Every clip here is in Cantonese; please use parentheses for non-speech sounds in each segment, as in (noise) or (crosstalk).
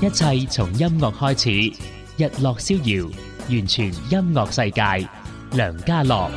一切從音樂開始，日落逍遙，完全音樂世界，梁家樂。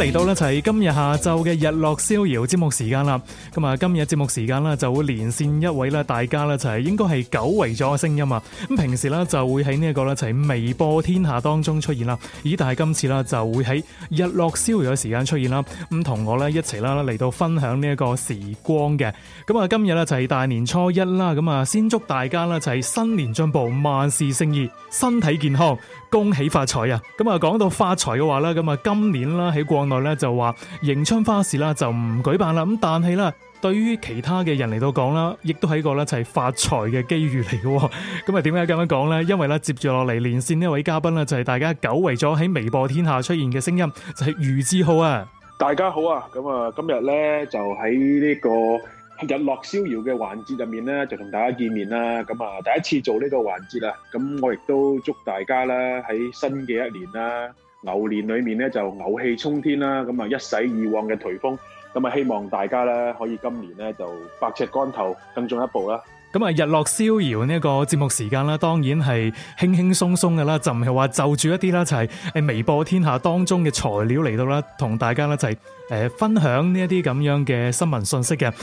嚟到呢，就係今日下晝嘅日落逍遙節目時間啦。咁啊，今日節目時間呢，就會連線一位咧，大家呢，就係，應該係久違咗嘅聲音啊。咁平時呢，就會喺呢一個就係微播天下當中出現啦。咦，但係今次呢，就會喺日落逍遙嘅時間出現啦。咁同我呢，一齊啦嚟到分享呢一個時光嘅。咁啊，今日呢，就係大年初一啦。咁啊，先祝大家呢，就係新年進步，萬事勝意，身體健康。恭喜發財啊！咁啊，講到發財嘅話啦，咁啊，今年啦喺國內咧就話迎春花市啦就唔舉辦啦，咁但係啦，對於其他嘅人嚟到講啦，亦都係一個咧就係發財嘅機遇嚟嘅。咁啊，點解咁樣講咧？因為咧接住落嚟連線呢位嘉賓咧就係大家久違咗喺微博天下出現嘅聲音，就係、是、余志浩啊！大家好啊！咁啊，今日咧就喺呢、這個。日落逍遙嘅環節入面咧，就同大家見面啦。咁啊，第一次做呢個環節啦，咁我亦都祝大家啦喺新嘅一年啦，牛年裏面咧就牛氣沖天啦。咁啊，一洗以往嘅頹風，咁啊，希望大家咧可以今年咧就百尺竿頭更進一步啦。咁啊，日落逍遙呢個節目時間啦，當然係輕輕鬆鬆嘅啦，就唔係話就住一啲啦，就係、是、誒微博天下當中嘅材料嚟到啦，同大家咧就係、是、誒、呃、分享呢一啲咁樣嘅新聞信息嘅。咁、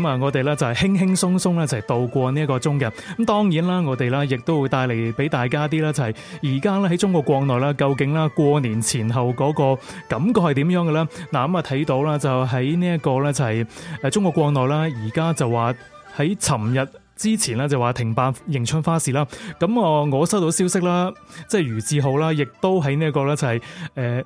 嗯、啊，我哋咧就係、是、輕輕鬆鬆咧就係、是、度過呢一個鐘嘅。咁當然啦，我哋啦亦都會帶嚟俾大家啲啦，就係而家咧喺中國國內啦，究竟啦過年前後嗰個感覺係點樣嘅啦？嗱，咁啊睇到啦，就喺呢一個咧就係、是、誒中國國內啦，而家就話喺尋日。之前咧就話停辦迎春花市啦，咁我我收到消息啦，即係余志浩啦、就是，亦都喺呢一個咧就係誒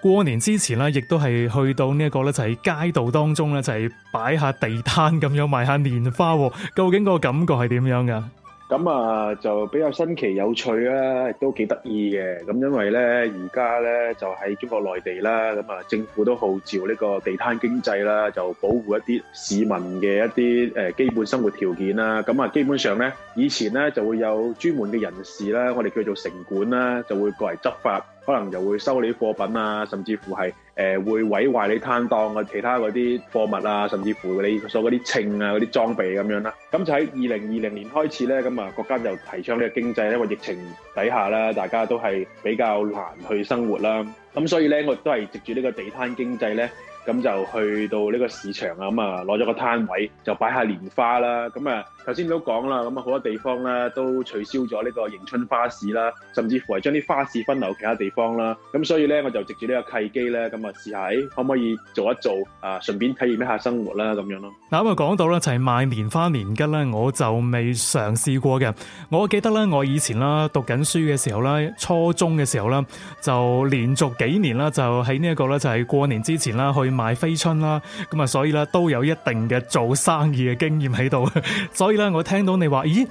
過年之前啦，亦都係去到呢一個咧就係街道當中咧就係擺下地攤咁樣賣一下年花，究竟個感覺係點樣噶？咁啊，就比較新奇有趣啦，都幾得意嘅。咁因為咧，而家咧就喺中國內地啦，咁啊政府都號召呢個地攤經濟啦，就保護一啲市民嘅一啲誒基本生活條件啦。咁啊，基本上咧，以前咧就會有專門嘅人士啦，我哋叫做城管啦，就會過嚟執法，可能就會收你貨品啊，甚至乎係。誒、呃、會毀壞你攤檔嘅其他嗰啲貨物啊，甚至乎你所有嗰啲秤啊、嗰啲裝備咁、啊、樣啦。咁就喺二零二零年開始咧，咁啊國家就提倡呢個經濟，因為疫情底下啦，大家都係比較難去生活啦。咁所以咧，我都係藉住呢個地攤經濟咧。咁就去到呢個市場啊，咁啊攞咗個攤位，就擺下年花啦。咁啊，頭先都講啦，咁啊好多地方咧都取消咗呢個迎春花市啦，甚至乎係將啲花市分流其他地方啦。咁所以咧，我就藉住呢個契機咧，咁啊試下，可唔可以做一做啊？順便體驗一下生活啦，咁樣咯。嗱，咁啊講到咧就係賣年花年桔咧，我就未嘗試過嘅。我記得咧，我以前啦讀緊書嘅時候啦，初中嘅時候啦，就連續幾年啦，就喺呢一個咧就係過年之前啦去。賣揮春啦，咁啊，所以咧都有一定嘅做生意嘅經驗喺度，所以咧我聽到你話，咦，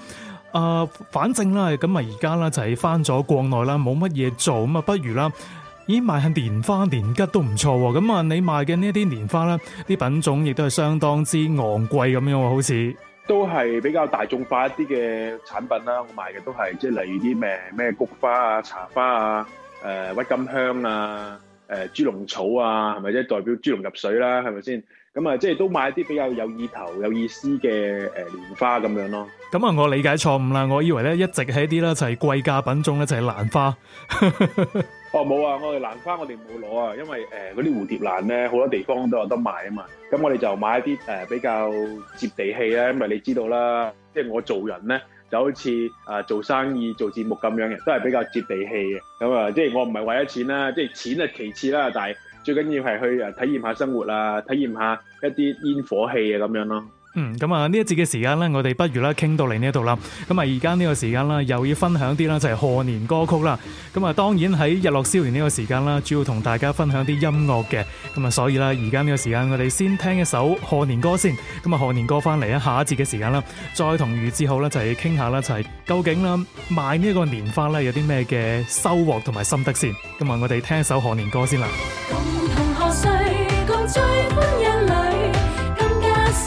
啊、呃，反正啦，咁啊，而家啦就係返咗國內啦，冇乜嘢做，咁啊，不如啦，咦，賣下年花年桔都唔錯，咁啊，你賣嘅呢一啲年花啦，啲品種亦都係相當之昂貴咁樣，好似都係比較大眾化一啲嘅產品啦，我賣嘅都係即係例如啲咩咩菊花啊、茶花啊、誒鬱金香啊。誒、呃、豬籠草啊，係咪即係代表豬籠入水啦？係咪先？咁啊，是是即係都買啲比較有意頭、有意思嘅誒、呃、蓮花咁樣咯。咁啊，我理解錯誤啦，我以為咧一直係啲咧就係、是、貴價品種咧就係、是、蘭花。 (laughs) 哦，冇啊，我哋蘭花我哋冇攞啊，因為誒嗰啲蝴蝶蘭咧好多地方都有得賣啊嘛。咁我哋就買啲誒、呃、比較接地氣啊，因為你知道啦，即係我做人咧。就好似啊做生意做節目咁樣嘅，都係比較接地氣嘅。咁啊，即係我唔係為咗錢啦，即係錢係其次啦，但係最緊要係去啊體驗下生活啊，體驗下一啲煙火氣啊咁樣咯。嗯，咁啊呢一節嘅時間呢，我哋不如啦傾到嚟呢度啦。咁啊而家呢個時間啦，又要分享啲啦就係賀年歌曲啦。咁啊當然喺日落逍遙呢個時間啦，主要同大家分享啲音樂嘅。咁啊所以啦，而家呢個時間我哋先聽一首賀年歌先。咁啊賀年歌翻嚟啊，下一節嘅時間啦，再同余志浩呢，就係傾下啦，就係究竟啦賣呢個年花咧有啲咩嘅收穫同埋心得先。咁啊我哋聽一首賀年歌先啦。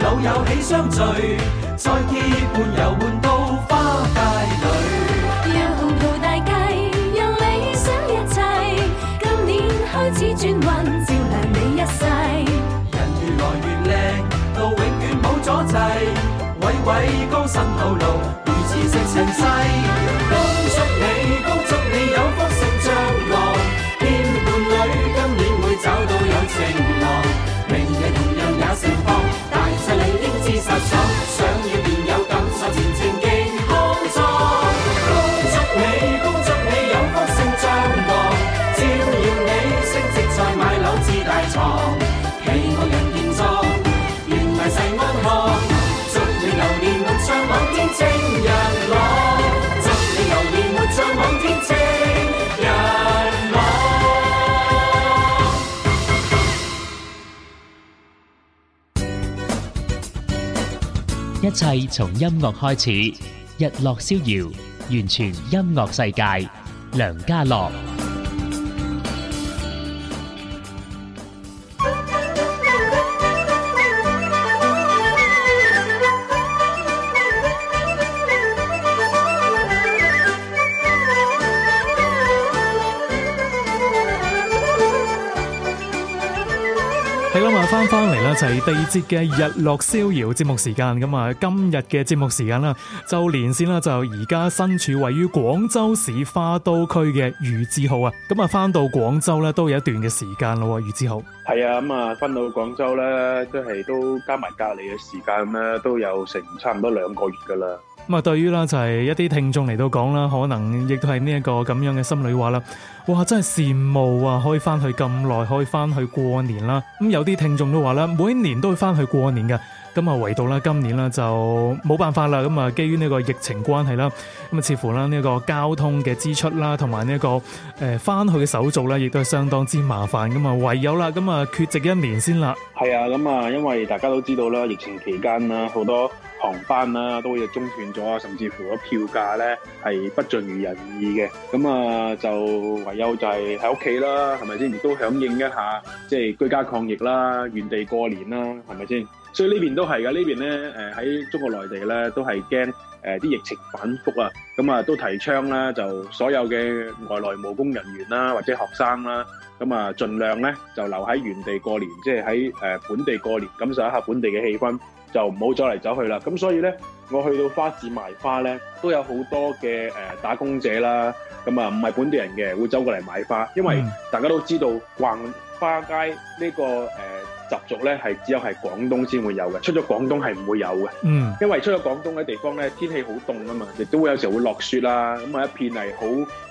老友喜相聚，再結伴遊玩到花街裏。讓鴻圖大計，讓理想一切，今年開始轉運，照亮你一世。人越來越靚，路永遠冇阻滯，位位高升後路，如此盛世。一切從音樂開始，日落逍遙，完全音樂世界，梁家樂。齊地節嘅日落逍遙節目時間，咁啊，今日嘅節目時間啦，就連線啦，就而家身處位於廣州市花都區嘅余志浩啊，咁啊，翻到廣州咧都有一段嘅時間咯，余志浩。係啊，咁啊，翻到廣州咧，即係都加埋隔離嘅時間咧，都有成差唔多兩個月噶啦。咁啊，對於啦，就係一啲聽眾嚟到講啦，可能亦都係呢一個咁樣嘅心裏話啦。哇，真係羨慕啊，可以翻去咁耐，可以翻去過年啦。咁有啲聽眾都話啦，每年都會翻去過年嘅。咁啊，唯到啦，今年啦就冇辦法啦。咁啊，基於呢個疫情關係啦，咁啊，似乎啦呢個交通嘅支出啦，同埋呢個誒翻去嘅手續咧，亦都係相當之麻煩噶嘛。唯有啦，咁啊，缺席一年先啦。係啊，咁啊，因為大家都知道啦，疫情期間啦，好多航班啦，都會中斷咗啊，甚至乎個票價咧係不盡如人意嘅。咁啊，就唯有就係喺屋企啦，係咪先？亦都響應一下，即係居家抗疫啦，原地過年啦，係咪先？所以呢邊都係㗎，呢邊咧誒喺中國內地咧都係驚誒啲疫情反覆啊，咁啊都提倡啦，就所有嘅外來務工人員啦或者學生啦，咁啊盡量咧就留喺原地過年，即係喺誒本地過年，感受一下本地嘅氣氛，就唔好走嚟走去啦。咁所以咧，我去到花市買花咧，都有好多嘅誒打工者啦，咁啊唔係本地人嘅會走過嚟買花，因為大家都知道逛花街呢個誒。習俗咧係只有喺廣東先會有嘅，出咗廣東係唔會有嘅。嗯，因為出咗廣東嘅地方咧，天氣好凍啊嘛，亦都會有時候會落雪啦、啊，咁啊一片係好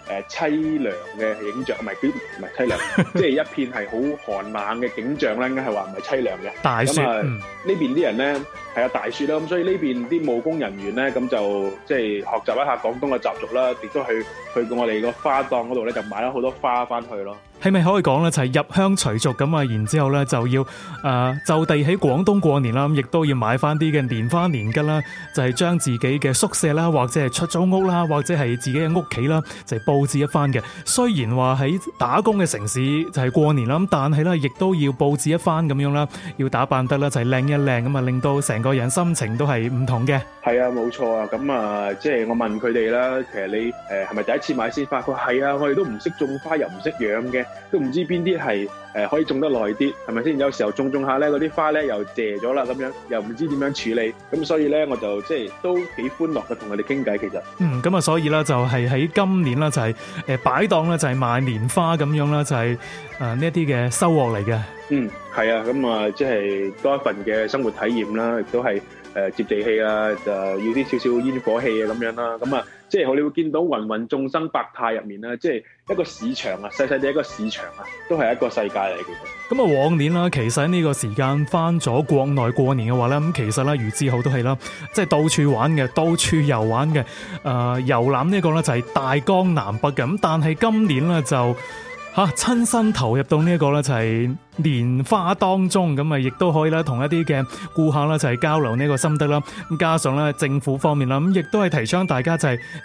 誒、呃，淒涼嘅景象，唔係，唔係淒涼， (laughs) 即係一片係好寒冷嘅景象啦。應該係話唔係淒涼嘅大雪，啊嗯、這邊的呢邊啲人咧係啊大雪啦。咁所以呢邊啲務工人員咧，咁就即係、就是、學習一下廣東嘅習俗啦，亦都去去我哋個花檔嗰度咧，就買咗好多花翻去咯。係咪可以講咧，就係、是、入鄉隨俗咁啊？然之後咧就要誒、呃、就地喺廣東過年啦。咁亦都要買翻啲嘅年花年桔啦，就係、是、將自己嘅宿舍啦，或者係出租屋啦，或者係自己嘅屋企啦，就係布置一番嘅，雖然話喺打工嘅城市就係過年啦，但係咧亦都要布置一番咁樣啦，要打扮得咧就係靚一靚咁啊，令到成個人心情都係唔同嘅。係啊，冇錯啊，咁啊，即係我問佢哋啦，其實你誒係咪第一次買先發覺？佢係啊，我哋都唔識種花又唔識養嘅，都唔知邊啲係。誒、呃、可以種得耐啲，係咪先？有時候種種下咧，嗰啲花咧又謝咗啦，咁樣又唔知點樣處理，咁所以咧我就即係都幾歡樂嘅，同佢哋傾偈其實。嗯，咁啊，所以咧就係、是、喺今年啦，就係、是、誒、呃、擺檔咧，就係賣年花咁樣啦，就係啊呢一啲嘅收穫嚟嘅。嗯，係啊，咁啊，即係多一份嘅生活體驗啦，亦都係。誒接地氣啊，就要啲少少煙火氣啊，咁樣啦。咁啊，即係我哋會見到芸芸眾生百態入面啦，即係一個市場啊，細細哋一個市場啊，都係一個世界嚟嘅。咁、嗯、啊，往年啦，其實喺呢個時間翻咗國內過年嘅話咧，咁其實咧，餘志豪都係啦，即係到處玩嘅，到處遊玩嘅，誒、呃、遊覽呢一個咧就係大江南北嘅。咁但係今年咧就嚇、啊、親身投入到呢一個咧就係。年花當中咁啊，亦都可以咧同一啲嘅顧客咧就係交流呢個心得啦。咁加上咧政府方面啦，咁亦都係提倡大家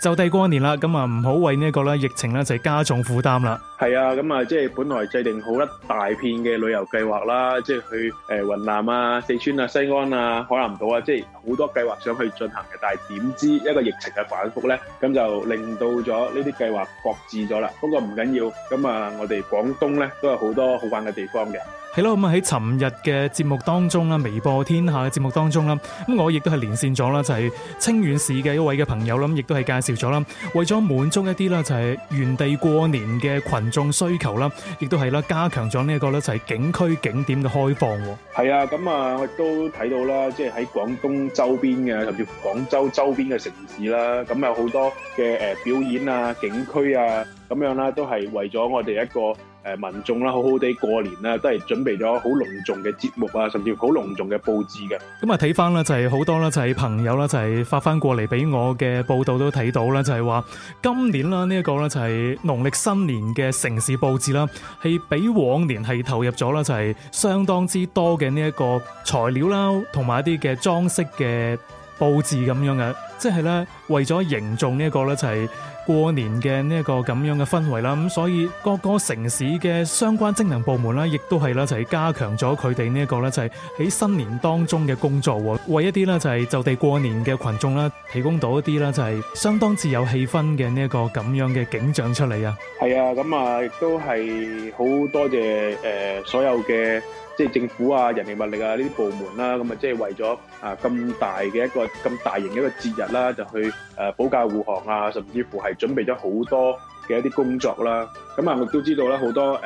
就地過年啦。咁啊，唔好為呢一個咧疫情咧就係加重負擔啦。係啊，咁啊即係本來制定好一大片嘅旅遊計劃啦，即係去誒雲南啊、四川啊、西安啊、海南島啊，即係好多計劃想去進行嘅。但係點知一個疫情嘅反覆咧，咁就令到咗呢啲計劃擱置咗啦。不過唔緊要，咁啊我哋廣東咧都有好多好玩嘅地方嘅。係咯，咁啊喺尋日嘅節目當中啦，微博天下嘅節目當中啦，咁我亦都係連線咗啦，就係清遠市嘅一位嘅朋友啦，亦都係介紹咗啦。為咗滿足一啲啦，就係原地過年嘅群眾需求啦，亦都係啦，加強咗呢一個咧，就係景區景點嘅開放。係啊，咁啊，我亦都睇到啦，即係喺廣東周邊嘅，甚至廣州周邊嘅城市啦，咁有好多嘅誒表演啊，景區啊，咁樣啦、啊，都係為咗我哋一個。誒民眾啦，好好地過年啦，都係準備咗好隆重嘅節目啊，甚至好隆重嘅佈置嘅。咁啊，睇翻啦，就係好多啦，就係朋友啦，就係發翻過嚟俾我嘅報道都睇到啦，就係話今年啦，呢一個咧就係農曆新年嘅城市佈置啦，係比往年係投入咗啦，就係相當之多嘅呢一個材料啦，同埋一啲嘅裝飾嘅佈置咁樣嘅，即係咧為咗營造呢一個咧就係。過年嘅呢一個咁樣嘅氛圍啦，咁所以各個城市嘅相關職能部門啦，亦都係啦，就係加強咗佢哋呢一個咧，就係喺新年當中嘅工作，為一啲咧就係就地過年嘅群眾啦，提供到一啲咧就係相當之有氣氛嘅呢一個咁樣嘅景象出嚟啊！係啊，咁啊亦都係好多謝誒、呃、所有嘅。即係政府啊、人力物力啊呢啲部門啦，咁啊即係為咗啊咁大嘅一個咁大型嘅一個節日啦，就去誒保駕護航啊，甚至乎係準備咗好多嘅一啲工作啦。咁啊，我都知道啦，好多誒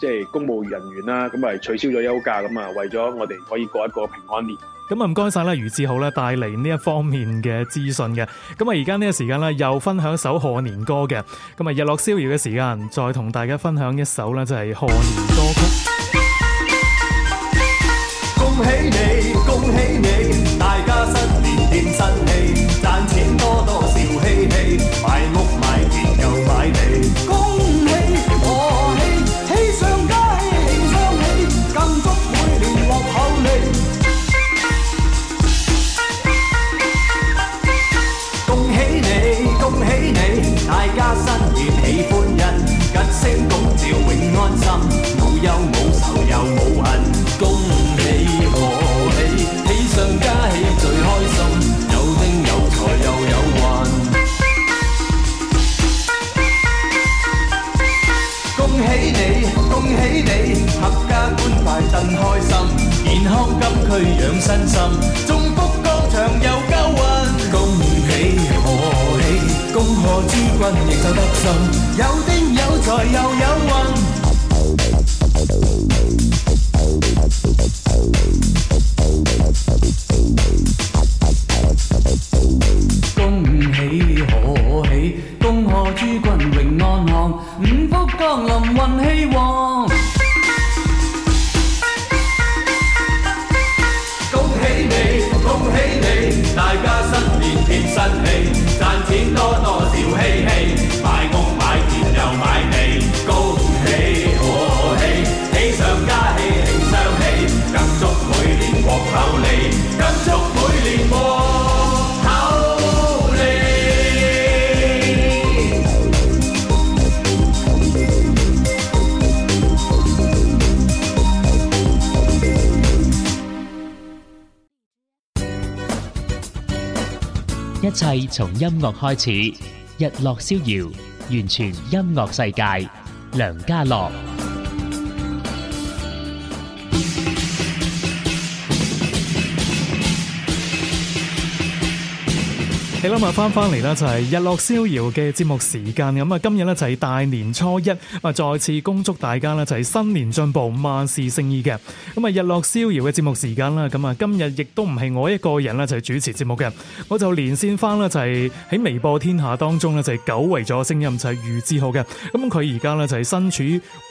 即係公務人員啦，咁啊取消咗休假，咁啊為咗我哋可以過一個平安年。咁啊唔該晒啦，余志豪咧帶嚟呢一方面嘅資訊嘅。咁啊而家呢個時間咧又分享一首賀年歌嘅。咁啊日落逍遙嘅時間，再同大家分享一首咧就係賀年歌曲。恭喜你，恭喜你，大家新年添新氣，賺錢一切從音樂開始，日落逍遙，完全音樂世界，梁家樂。咁啊，翻翻嚟呢就係日落逍遙嘅節目時間。咁啊，今日呢，就係大年初一，啊，再次恭祝大家呢就係新年進步，萬事勝意嘅。咁啊，日落逍遙嘅節目時間啦，咁啊，今日亦都唔係我一個人呢就係主持節目嘅。我就連線翻啦，就係喺微博天下當中呢就係久違咗聲音，就係余志浩嘅。咁佢而家呢，就係身處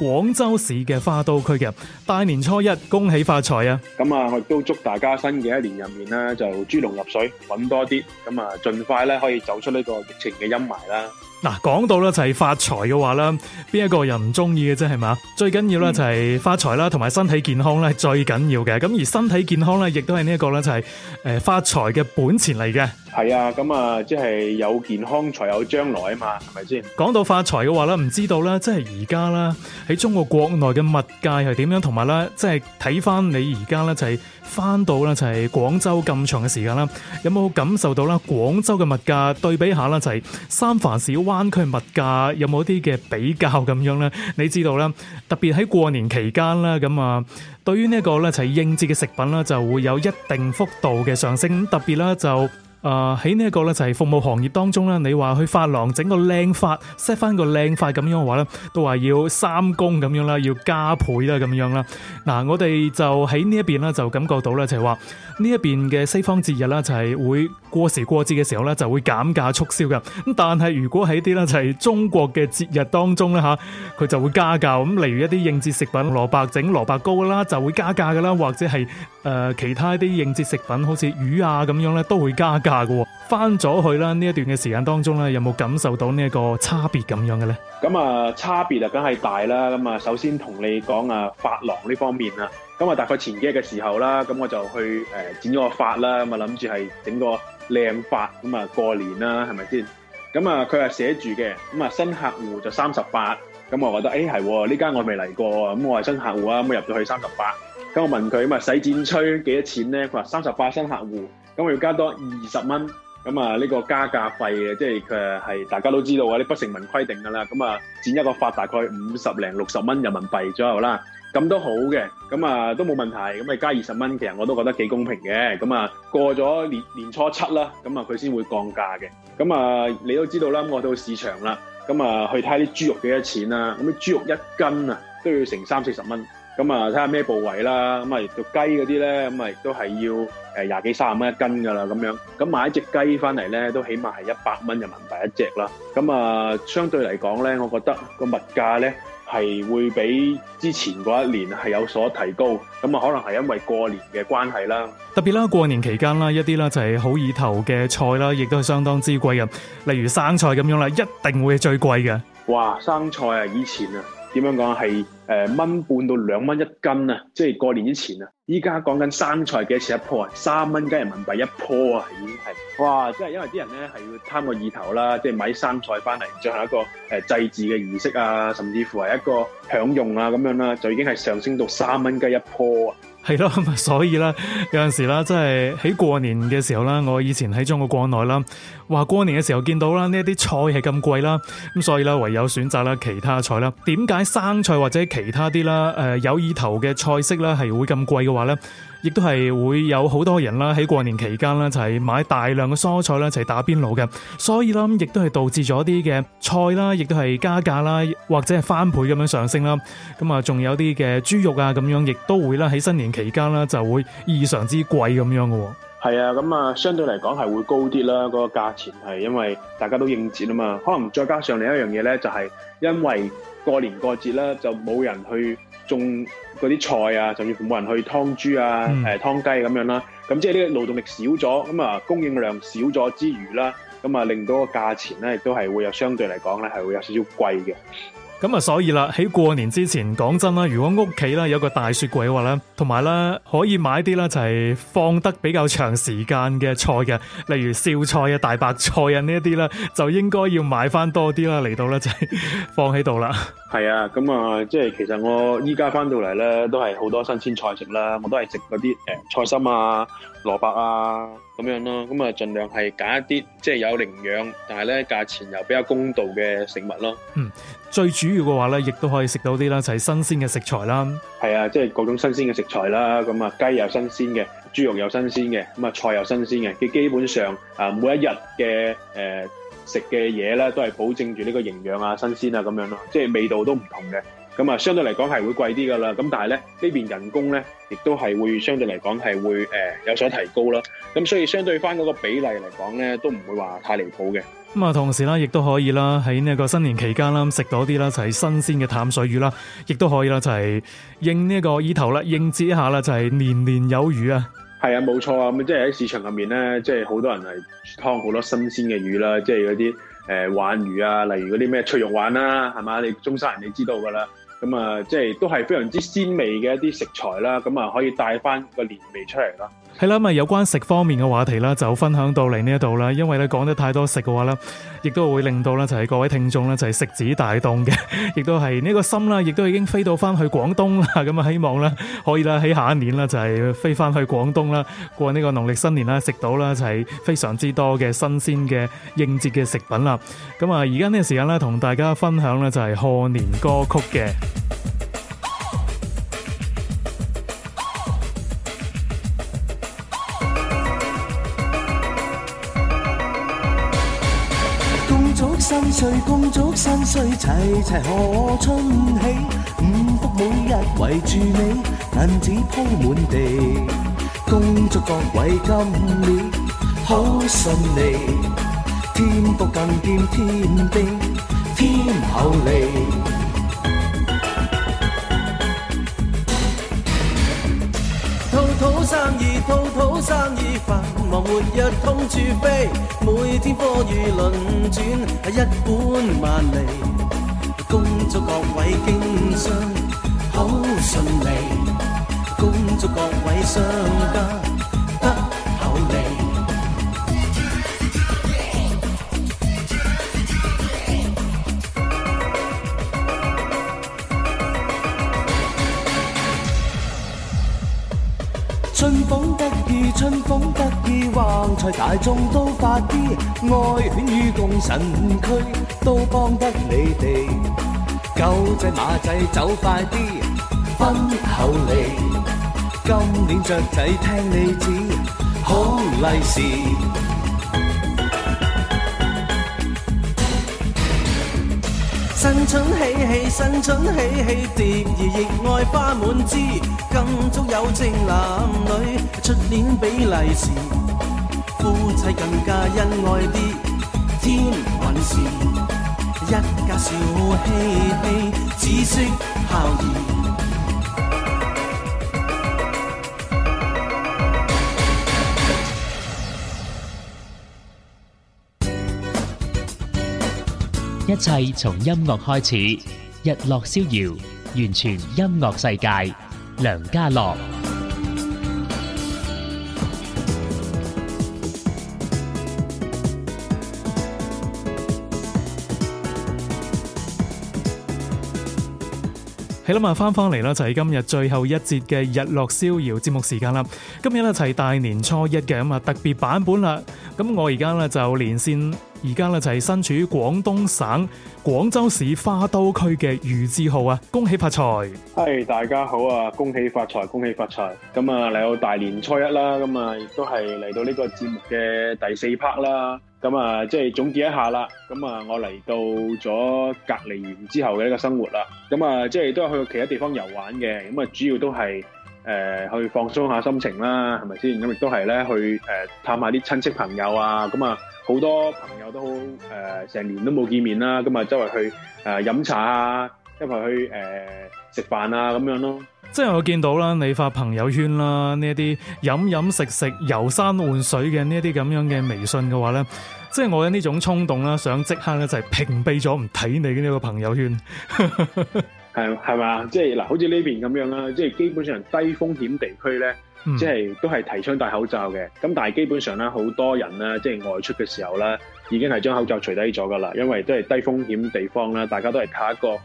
廣州市嘅花都區嘅。大年初一，恭喜發財啊！咁啊，我亦都祝大家新嘅一年入面呢，就豬龍入水，揾多啲。咁啊，快咧可以走出呢個疫情嘅陰霾啦！嗱，講到咧就係發財嘅話啦，邊一個人唔中意嘅啫係嘛？最緊要咧就係發財啦，同埋身體健康咧係最緊要嘅。咁、嗯、而身體健康咧，亦都係呢一個咧就係誒發財嘅本錢嚟嘅。係啊，咁啊，即係有健康才有將來啊嘛，係咪先？講到發財嘅話咧，唔知道啦，即係而家啦，喺中國國內嘅物價係點樣，同埋咧，即係睇翻你而家咧就係翻到啦，就係廣州咁長嘅時間啦，有冇感受到啦？廣州嘅物價對比下啦，就係三藩市灣區物價有冇啲嘅比較咁樣咧？你知道啦，特別喺過年期間啦，咁啊，對於呢個咧就係應節嘅食品啦，就會有一定幅度嘅上升，特別啦，就。啊、呃，喺呢一個咧就係、是、服務行業當中咧，你話去髮廊整個靚髮 set 翻個靚髮咁樣嘅話咧，都話要三公咁樣啦，要加倍啦咁樣啦。嗱、呃，我哋就喺呢一邊呢，就感覺到呢，就係話呢一邊嘅西方節日咧就係、是、會過時過節嘅時候呢，就會減價促銷㗎。咁但係如果喺啲呢，就係、是、中國嘅節日當中呢，嚇，佢就會加價咁。例如一啲應節食品，蘿蔔整蘿蔔糕啦就會加價㗎啦，或者係誒、呃、其他啲應節食品，好似魚啊咁樣呢，都會加價。大翻咗去啦。呢一段嘅時間當中咧，有冇感受到呢一個差別咁樣嘅咧？咁啊，差別啊，梗係大啦。咁啊，首先同你講啊，髮廊呢方面啦。咁啊，大概前幾日嘅時候啦，咁我就去誒、呃、剪咗個髮啦。咁啊，諗住係整個靚髮咁啊，過年啦，係咪先？咁啊，佢係寫住嘅。咁啊，新客戶就三十八。咁我覺得誒係喎，呢、欸、間我未嚟過，咁我係新客戶啊，咁入咗去三十八。咁我問佢，咁啊，洗剪吹幾多錢咧？佢話三十八新客戶。咁我要加多二十蚊，咁啊，呢個加價費嘅，即係佢係大家都知道啊，啲不成文規定㗎啦。咁啊，剪一個髮大概五十零六十蚊人民幣左右啦，咁都好嘅，咁啊都冇問題。咁啊，加二十蚊，其實我都覺得幾公平嘅。咁啊，過咗年年初七啦，咁啊佢先會降價嘅。咁啊，你都知道啦，我到市場啦，咁啊，去睇下啲豬肉幾多錢啦。咁啲豬肉一斤啊都要成三四十蚊。咁啊，睇下咩部位啦，咁啊，肉雞嗰啲咧，咁啊，亦都係要誒廿幾卅蚊一斤噶啦，咁樣。咁買隻雞翻嚟咧，都起碼係一百蚊人民幣一隻啦。咁啊，相對嚟講咧，我覺得個物價咧係會比之前嗰一年係有所提高。咁啊，可能係因為過年嘅關係啦。特別啦，過年期間啦，一啲啦就係好意頭嘅菜啦，亦都係相當之貴嘅，例如生菜咁樣啦，一定會最貴嘅。哇，生菜啊，以前啊～點樣講係誒蚊半到兩蚊一斤啊！即係過年之前啊，依家講緊生菜幾多錢一棵啊？三蚊雞人民幣一棵啊，已經係哇！即係因為啲人咧係要貪個意頭啦，即係買生菜翻嚟進行一個誒祭祀嘅儀式啊，甚至乎係一個享用啊咁樣啦，啊，就已經係上升到三蚊雞一棵啊！係咯，所以啦，有陣時啦，即係喺過年嘅時候啦，我以前喺中國國內啦，話過年嘅時候見到啦呢一啲菜係咁貴啦，咁所以啦唯有選擇啦其他菜啦。點解生菜或者其他啲啦誒有意頭嘅菜式啦係會咁貴嘅話咧？亦都係會有好多人啦，喺過年期間啦，就係買大量嘅蔬菜啦，就係打邊爐嘅。所以啦，亦都係導致咗啲嘅菜啦，亦都係加價啦，或者係翻倍咁樣上升啦。咁啊，仲有啲嘅豬肉啊，咁樣亦都會啦，喺新年期間啦，就會異常之貴咁樣嘅。係啊，咁啊，相對嚟講係會高啲啦，嗰個價錢係因為大家都應節啦嘛。可能再加上另一樣嘢咧，就係因為過年過節啦，就冇人去。種嗰啲菜啊，甚至乎冇人去劏豬啊，誒、嗯、劏、欸、雞咁樣啦，啊，咁即係呢個勞動力少咗，咁啊供應量少咗之餘啦，咁啊令到個價錢咧，亦都係會有相對嚟講咧，係會有少少貴嘅。咁啊，所以啦，喺過年之前，講真啦，如果屋企啦有個大雪櫃嘅話咧，同埋咧可以買啲啦，就係放得比較長時間嘅菜嘅，例如紹菜啊、大白菜啊呢一啲咧，就應該要買翻多啲啦，嚟到咧就係放喺度啦。係啊，咁啊，呃，即係其實我依家翻到嚟咧，都係好多新鮮菜食啦，我都係食嗰啲誒菜心啊、蘿蔔啊。咁樣咯，咁啊盡量係揀一啲即係有營養，但係咧價錢又比較公道嘅食物咯。嗯，最主要嘅話咧，亦都可以食到啲啦，就係新鮮嘅食材啦。係啊，即係各種新鮮嘅食材啦。咁啊，雞又新鮮嘅，豬肉又新鮮嘅，咁啊菜又新鮮嘅。佢基本上啊，每一日嘅誒食嘅嘢咧，都係保證住呢個營養啊、新鮮啊咁樣咯。即係味道都唔同嘅。咁啊，相對嚟講係會貴啲㗎啦，咁但係咧呢邊人工咧，亦都係會相對嚟講係會誒、呃、有所提高啦。咁所以相對返嗰個比例嚟講咧，都唔會話太離譜嘅。咁啊，同時啦，亦都可以啦，喺呢個新年期間啦，食到啲啦，就係新鮮嘅淡水魚啦，亦都可以啦，就係應呢個意頭啦，應節一下啦，就係年年有餘啊！係啊，冇錯啊，咁即係喺市場入面咧，即係好多人係劏好多新鮮嘅魚啦，即係嗰啲誒鯇魚啊，例如嗰啲咩脆肉鯇啦，係嘛、啊？你中山人你知道㗎啦。咁啊，即係都係非常之鮮味嘅一啲食材啦，咁啊，可以帶翻個年味出嚟啦。係啦，咁啊有關食方面嘅話題啦，就分享到嚟呢一度啦。因為咧講得太多食嘅話咧，亦都會令到咧就係各位聽眾咧就係食指大動嘅，亦都係呢個心啦，亦都已經飛到翻去廣東啦。咁啊，希望咧可以啦喺下一年啦就係飛翻去廣東啦，過呢個農曆新年啦，食到啦就係非常之多嘅新鮮嘅應節嘅食品啦。咁啊，而家呢個時間咧同大家分享咧就係賀年歌曲嘅。恭祝新歲齊齊賀春禧，五福每日圍住你，銀紙鋪滿地。恭祝各位今年好順利，添福更添添丁添厚利。好生意，套套生意繁，忙活一通處飛，每天貨如輪轉，係一本萬利。恭祝各位經商好順利，恭祝各位商家。春風得意，橫財大眾都發啲愛犬與共神區都幫得你哋，狗仔馬仔走快啲，分厚利。今年雀仔聽你指，好利是。新春喜氣，新春喜氣，蝶兒亦愛花滿枝。更祝有情男女出年比例時，夫妻更加恩愛啲。天韻時，一家笑嘻嘻，子孫孝義。一切從音樂開始，日落逍遙，完全音樂世界，梁家樂。係啦，啊，翻翻嚟啦，就係今日最後一節嘅日落逍遙節目時間啦。今日咧就係大年初一嘅，咁啊，特別版本啦。咁我而家咧就連線，而家咧就係身處廣東省廣州市花都區嘅余志浩啊，恭喜發財！係大家好啊，恭喜發財，恭喜發財！咁啊嚟到大年初一啦，咁啊亦都係嚟到呢個節目嘅第四 part 啦。咁啊，即係總結一下啦。咁啊，我嚟到咗隔離完之後嘅一個生活啦。咁啊，即係都係去其他地方遊玩嘅。咁啊，主要都係誒、呃、去放鬆下心情啦，係咪先？咁亦都係咧去誒、呃、探下啲親戚朋友啊。咁啊，好多朋友都誒成、呃、年都冇見面啦。咁、呃、啊，周圍去誒飲茶啊，周圍去誒食飯啊，咁樣咯。即係我見到啦，你發朋友圈啦，呢一啲飲飲食食、遊山玩水嘅呢一啲咁樣嘅微信嘅話咧，即係我呢種衝動啦，想即刻咧就係屏蔽咗唔睇你嘅呢個朋友圈，係係咪？即係嗱，好似呢邊咁樣啦，即係基本上低風險地區咧，即係都係提倡戴口罩嘅，咁，嗯，但係基本上咧，好多人啦，即係外出嘅時候咧，已經係將口罩除低咗噶啦，因為都係低風險地方啦，大家都係靠一個。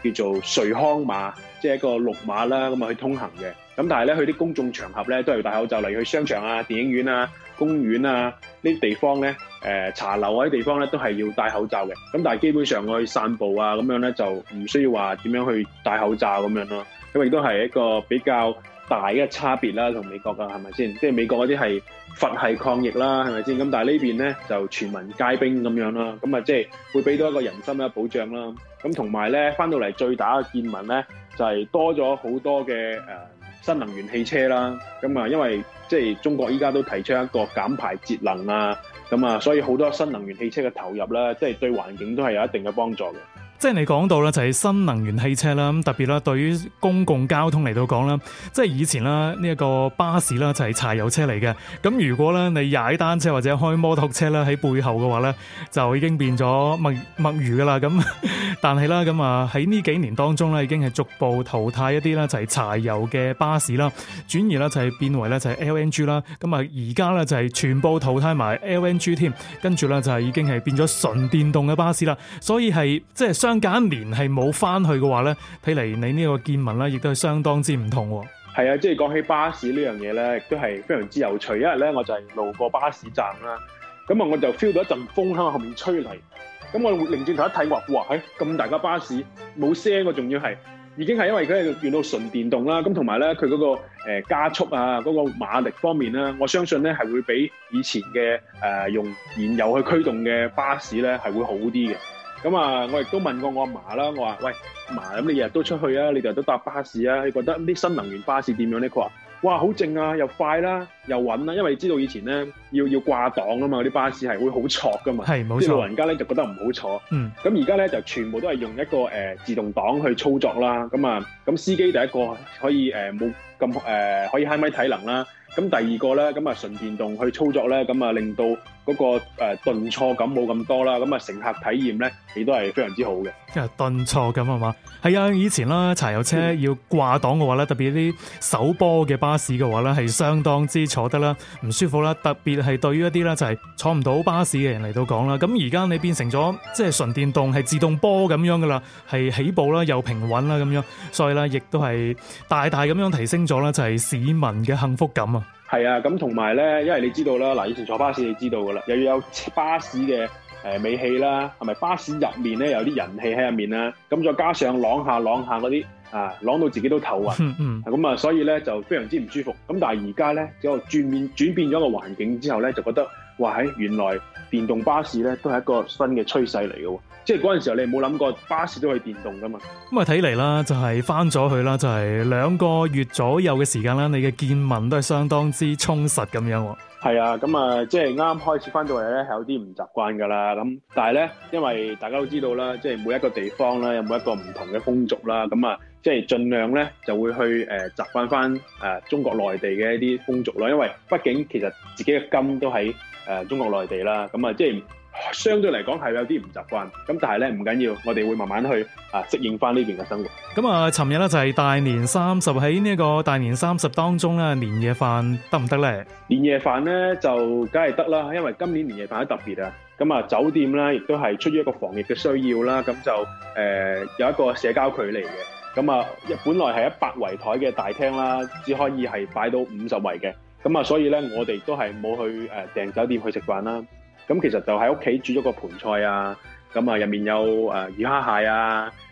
誒叫做瑞康碼，即係一個綠碼啦，咁啊去通行嘅。咁但係咧，去啲公眾場合咧都係要戴口罩，例如去商場啊、電影院啊、公園啊呢啲地方咧，誒茶樓嗰啲地方咧都係要戴口罩嘅。咁但係基本上我去散步啊咁樣咧，就唔需要話點樣去戴口罩咁樣咯。咁亦都係一個比較大嘅差別啦，同美國噶係咪先？即係美國嗰啲係。佛系抗疫啦，係咪先？咁但係呢邊咧就全民皆兵咁樣啦，咁啊即係會俾到一個人心嘅保障啦。咁同埋咧，翻到嚟最大嘅見聞咧，就係、是、多咗好多嘅誒新能源汽車啦。咁啊，因為即係中國依家都提出一個減排節能啊，咁啊，所以好多新能源汽車嘅投入啦，即、就、係、是、對環境都係有一定嘅幫助嘅。即係你講到啦，就係新能源汽車啦，咁特別啦，對於公共交通嚟到講啦，即係以前啦呢一個巴士啦就係柴油車嚟嘅，咁如果咧你踩單車或者開摩托車啦喺背後嘅話咧，就已經變咗墨墨魚噶啦，咁但係啦咁啊喺呢幾年當中咧已經係逐步淘汰一啲啦就係柴油嘅巴士啦，轉移啦就係變為咧就係 LNG 啦，咁啊而家咧就係全部淘汰埋 LNG 添，跟住咧就係已經係變咗純電動嘅巴士啦，所以係即係相。就是假年係冇翻去嘅話咧，睇嚟你呢個見聞啦，亦都係相當之唔同。係啊，即係講起巴士呢樣嘢咧，亦都係非常之有趣。因為咧，我就係路過巴士站啦，咁啊，我就 feel 到一陣風喺我後面吹嚟。咁我擰轉頭一睇，我話哇，咁、欸、大架巴士冇聲，我仲要係已經係因為佢係用到純電動啦。咁同埋咧，佢嗰個誒加速啊，嗰、嗰個馬力方面啦，我相信咧係會比以前嘅誒、呃、用燃油去驅動嘅巴士咧係會好啲嘅。咁啊，我亦都問過我阿嫲啦，我話：喂，嫲，咁你日日都出去啊，你日日都搭巴士啊，你覺得啲新能源巴士點樣呢？佢話：哇，好正啊，又快啦、啊！又揾啦，因為知道以前咧要要掛檔啊嘛，啲巴士係會好挫㗎嘛，係冇錯。啲老人家咧就覺得唔好坐。咁而家咧就全部都係用一個誒、呃、自動檔去操作啦。咁啊，咁司機第一個可以誒冇咁誒可以慳咪體能啦。咁第二個咧，咁啊純電動去操作咧，咁啊令到嗰、那個誒、呃、頓挫感冇咁多啦。咁啊乘客體驗咧亦都係非常之好嘅。即係頓挫感啊嘛？係啊，以前啦柴油車要掛檔嘅話咧、嗯，特別啲手波嘅巴士嘅話咧係相當之。坐得啦，唔舒服啦，特別係對於一啲咧就係坐唔到巴士嘅人嚟到講啦，咁而家你變成咗即係純電動係自動波咁樣噶啦，係起步啦又平穩啦咁樣，所以咧亦都係大大咁樣提升咗啦，就係市民嘅幸福感啊！係啊，咁同埋咧，因為你知道啦，嗱，以前坐巴士你知道噶啦，又要有巴士嘅誒尾氣啦，係咪巴士入面咧有啲人氣喺入面啊？咁再加上朗下朗下嗰啲。啊，攞到自己都頭暈，咁、嗯嗯、啊，所以咧就非常之唔舒服。咁但係而家咧就轉變轉變咗個環境之後咧，就覺得哇，喺原來電動巴士咧都係一個新嘅趨勢嚟嘅喎。即係嗰陣時候你冇諗過巴士都可以電動㗎嘛。咁啊睇嚟啦，就係翻咗去啦，就係、是、兩個月左右嘅時間啦，你嘅見聞都係相當之充實咁樣。係啊，咁啊，即係啱啱開始翻到嚟咧，係有啲唔習慣噶啦。咁，但係咧，因為大家都知道啦，即係每一個地方咧有每一個唔同嘅風俗啦。咁啊，即係盡量咧就會去誒習慣翻誒中國內地嘅一啲風俗啦。因為畢竟其實自己嘅根都喺誒中國內地啦。咁啊，即係。相對嚟講係有啲唔習慣，咁但係咧唔緊要，我哋會慢慢去啊適應翻呢邊嘅生活。咁啊，尋日咧就係大年三十，喺呢一個大年三十當中咧，年夜飯得唔得咧？年夜飯咧就梗係得啦，因為今年年夜飯係特別啊。咁啊，酒店啦亦都係出於一個防疫嘅需要啦，咁就誒、呃、有一個社交距離嘅。咁啊，本來係一百圍台嘅大廳啦，只可以係擺到五十圍嘅。咁啊，所以咧我哋都係冇去誒訂酒店去食飯啦。咁其實就喺屋企煮咗個盆菜啊，咁啊入面有誒、呃、魚蝦蟹啊、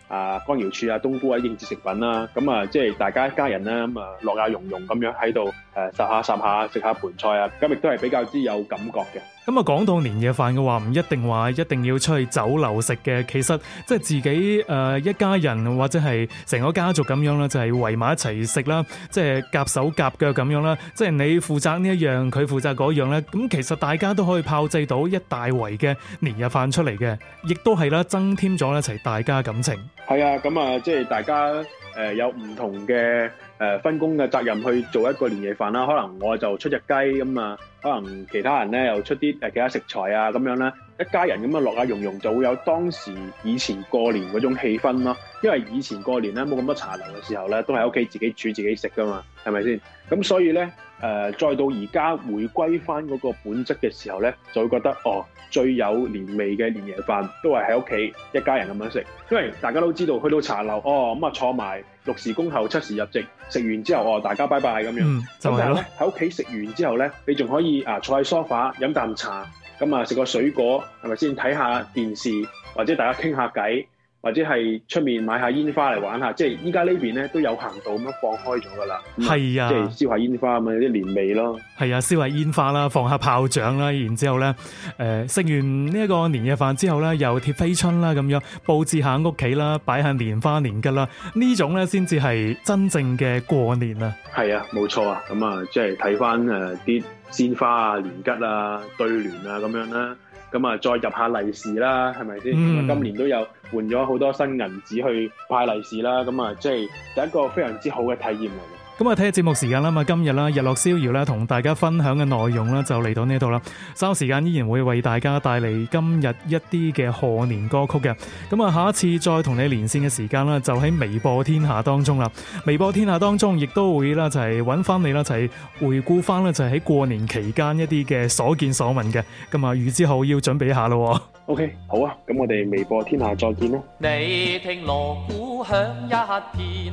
啊、呃、乾瑤柱啊、冬菇啊、應節食品啦、啊，咁啊即係大家一家人啦、啊，咁、嗯、啊樂啊融融咁樣喺度。誒，十下十下食下盆菜啊，咁亦都係比較之有感覺嘅。咁啊，講到年夜飯嘅話，唔一定話一定要出去酒樓食嘅，其實即係、就是、自己誒、呃，一家人或者係成個家族咁樣啦，就係、是、圍埋一齊食啦，即、就、係、是、夾手夾腳咁樣啦，即、就、係、是、你負責呢一樣，佢負責嗰樣咧，咁其實大家都可以炮製到一大圍嘅年夜飯出嚟嘅，亦都係啦，增添咗一齊大家感情。係啊，咁啊，即係大家誒、呃，有唔同嘅。誒、呃、分工嘅責任去做一個年夜飯啦，可能我就出隻雞咁啊，可能其他人咧又出啲誒、呃、其他食材啊咁樣咧，一家人咁樣樂下融融，茸茸就會有當時以前過年嗰種氣氛咯。因為以前過年咧冇咁多茶樓嘅時候咧，都喺屋企自己煮自己食㗎嘛，係咪先？咁所以咧。誒、呃，再到而家回歸翻嗰個本質嘅時候呢，就會覺得哦，最有年味嘅年夜飯都係喺屋企一家人咁樣食，因為大家都知道去到茶樓哦，咁、嗯、啊坐埋六時恭候七時入席，食完之後哦，大家拜拜咁樣。咁、嗯就係、但係喺屋企食完之後呢，你仲可以啊坐喺梳化飲啖茶，咁、嗯、啊食個水果係咪先睇下電視，或者大家傾下偈。或者係出面買下煙花嚟玩下，即係依家呢邊咧都有行道咁樣放開咗噶啦。係啊，即係燒下煙花咁有啲年味咯。係啊，燒下煙花啦，放下炮仗啦，然之後咧，誒、呃，食完呢一個年夜飯之後咧，又貼飛春啦，咁樣布置下屋企啦，擺下年花年桔啦，這種呢種咧先至係真正嘅過年啦係啊。係啊，冇錯啊，咁啊，即係睇翻誒啲鮮花啊、年桔啊、對聯啊咁樣啊，咁樣啊啦，咁啊再入下利是啦，係咪先？今年都有。換咗好多新銀紙去派利是啦，咁啊，即係有一個非常之好嘅體驗嚟嘅。咁啊，睇下節目時間啦嘛，今日啦，日落逍遙啦，同大家分享嘅內容啦，就嚟到呢度啦。稍時間依然會為大家帶嚟今日一啲嘅賀年歌曲嘅。咁啊，下一次再同你連線嘅時間啦，就喺微博天下當中啦。微博天下當中亦都會啦，就係揾翻你啦，就係回顧翻啦，就係喺過年期間一啲嘅所見所聞嘅。咁啊，預之後要準備一下咯。OK，好啊，咁我哋微博天下再見啦。你聽鑼鼓響一下天。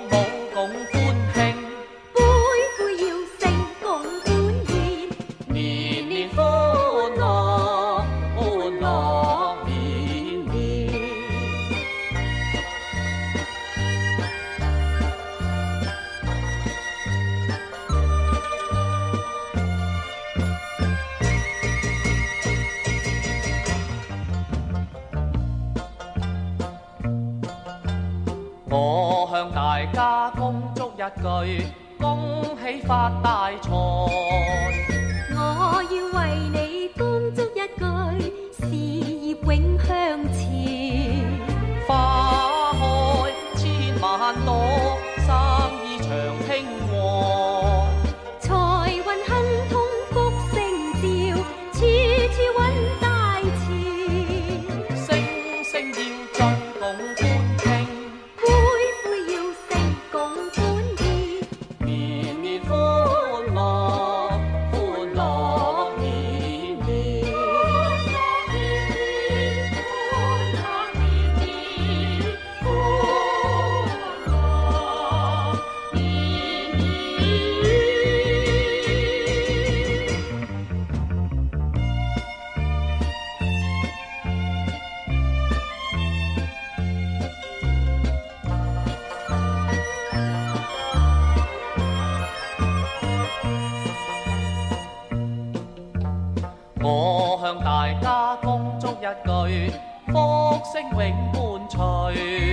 我向大家恭祝一句，恭喜發大財。我要為你恭祝一句，事業永向前。花開千萬朵。三福星永伴隨。